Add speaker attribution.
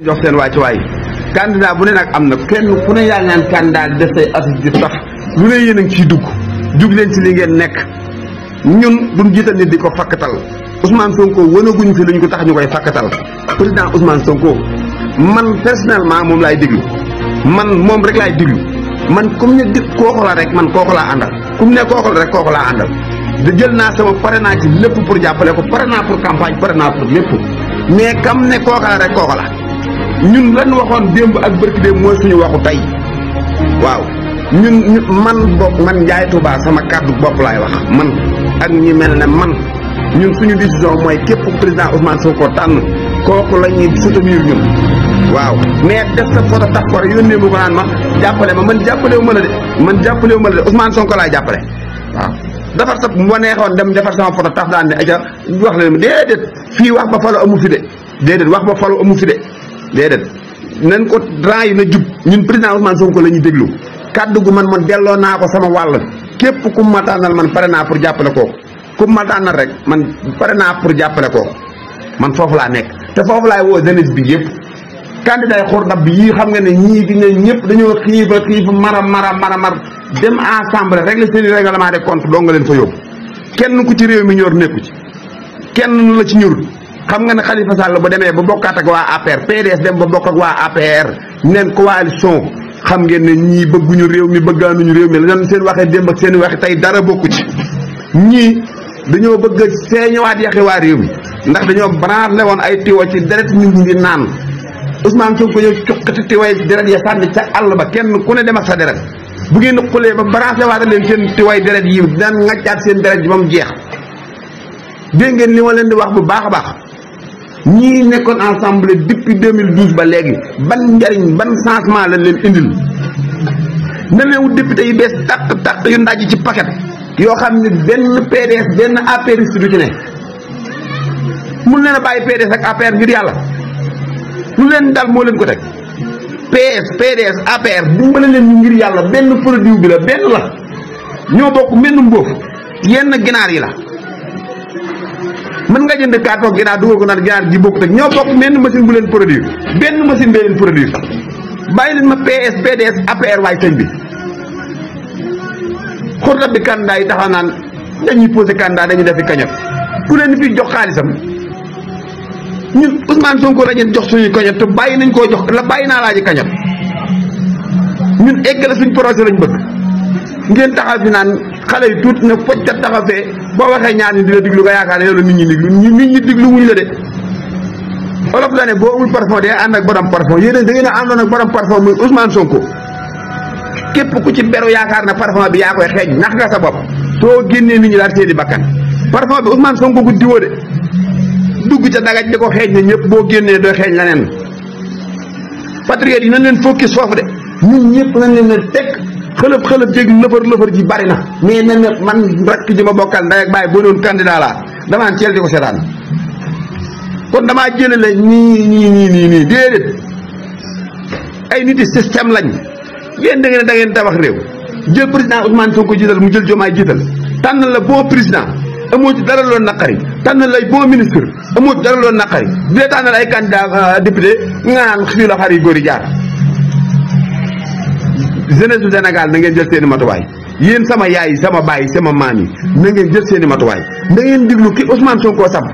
Speaker 1: jox seen waay ci waay candidat bu ne nag am na kenn ku ne yaa ngaan candidat des ay assises di tax lu ne yéen a ngi ciy dugg jug leen ci li ngeen nekk ñun songko, jiital nit Ousmane Sonko fi luñ ko tax président Ousmane Sonko man personnellement moom laay diglu man moom rek laay man comme ne di kooku la rek man kooku laa andal comme ne kooku rek kooku laa andal da jël naa sama pare naa ci lépp pour jàppale ko pare naa pour campagne pare naa pour mais kam ne kooku la rek kooku la ñun lan waxoon démb ak bërki démb mooy suñu waxu tey waaw ñun man bopp man Ndiaye Touba sama kàddu bopp laay wax man ak ñi mel na man ñun suñu décision mooy képp président Ousmane ko tànn kooku la ñuy soutenir ñun waaw mais def sa photo tax ko yónnee mu ko naan ma jàppale ma man jàppale wu ma la de man jàppale wu ma la de Ousmane Sonko laay jàppale waaw defar sa bu ma neexoon dem defar sama photo tax daan ne aca wax leen déedéet fii wax ba falo amu fi de déedéet wax ba falo amu fi de déedéet nañ ko rang yi na jub ñun président Ousmane Sonko la ñuy déglu kàddu gu man man delloo naa ko sama wàll képp ku ma tànnal man pare naa pour jàppale ko ku ma tànnal rek man pare naa pour jàppale ko man foofu laa nekk te foofu laay woo jeunesse bi yëpp candidat yi xur dab bi yii xam nga ne ñii di ne ñëpp dañoo xiiba xiiba mara mara mara mar dem ensemble régler seen i règlement de compte doo nga leen fa yóbbu kenn ku ci réew mi ñor nekku ci kenn nu la ci ñorul xam nga ne Khalifa Sall bu demee ba bokkaat ak waa APR PDS dem ba bokk ak waa APR neen coalition xam ngeen ne ñii bëgguñu réew mi bëggaanuñu réew mi la doon seen waxee démb ak seen waxe tey dara bokku ci ñii dañoo bëgg a seeñawaat yaxe waa réew mi ndax dañoo le woon ay tiwa ci deret nit ñi di naan Ousmane ko ñëw cuqati tiwaay deret ya sànni ca àll ba kenn ku ne dem ak sa deret bu ngeen xulee ba branché waata leen seen tiwaay deret yi daan ngàccaat seen deret ji ba mu jeex dégg ngeen li ma leen di wax bu baax a baax ñi nekkon ensemble depuis 2012 ba légui ban ndariñ ban changement lañ leen indil na lew député yi bes tak tak yu ndaj ci paquet yo xamni ben PDS ben APR du ci ne mu leena bayyi PDS ak APR ngir yalla mu leen dal mo leen ko tek PS PDS APR dimbal leen ngir yalla ben produit bi la ben la ño bokk menum bof yenn ginar yi la man nga jënd carton ginaar dugal ko naan ginaar ji bokk tak ñoo bokk benn machine bu leen produire benn machine bee leen produire sax bàyyi leen ma PS PDS APR way señ bi xurta bi candidat yi taxaw naan dañuy poser kanda dañuy def kañat ku leen fi jox xalisam ñun Ousmane Sonko la ñu jox suñu kañat te bàyyi nañ ko jox la bàyyi la ji kañat ñun eggale suñu projet lañ bëgg ngeen taxal fi naan xale yi tuut nag foj ca taxa fee boo waxee ñaar ñi di la diglu nga yaakaar ne yow la nit ñi diglu nit ñi diglu wuñ la de olof la ne boo amul parfum day ànd ak borom parfum yéen da ngeen a àndoon ak borom parfum muy Ousmane Sonko képp ku ci beru yaakaar na parfum bi yaa koy xeeñ nax nga sa bopp soo génnee nit ñi daal seeni bakkan parfum bi Ousmane Sonko gu diwoo de dugg ca dagaj di ko xeeñ ne ñëpp boo génnee doo xeeñ leneen patriote yi na leen focus foofu de ñun ñëpp nañ leen ne xëlëb xëlëb jéeg lëfër lëfër ji bari na mais na ne man rakk ji ma bokkal ndey ak bàyyi boo doon candidat laa damaa teel di ko seetaan kon damaa jëlale nii nii nii déedéet ay nit yi système lañ yéen da ngeen da ngeen tabax réew jël président Ousmane Sonko jiital mu jël Diomaye jiital tànn la boo président amoo ci dara loon naqari tànn lay boo ministre amoo ci dara loon naqari di tànnal ay candidat euh, député nga naan fii la xar yi jaar jeunesse du Sénégal na ngeen jël seen i matuwaay yéen sama yaay sama baay sama maam yi na ngeen jël seen i matuwaay na ngeen diglu ki Ousmane Sonko sam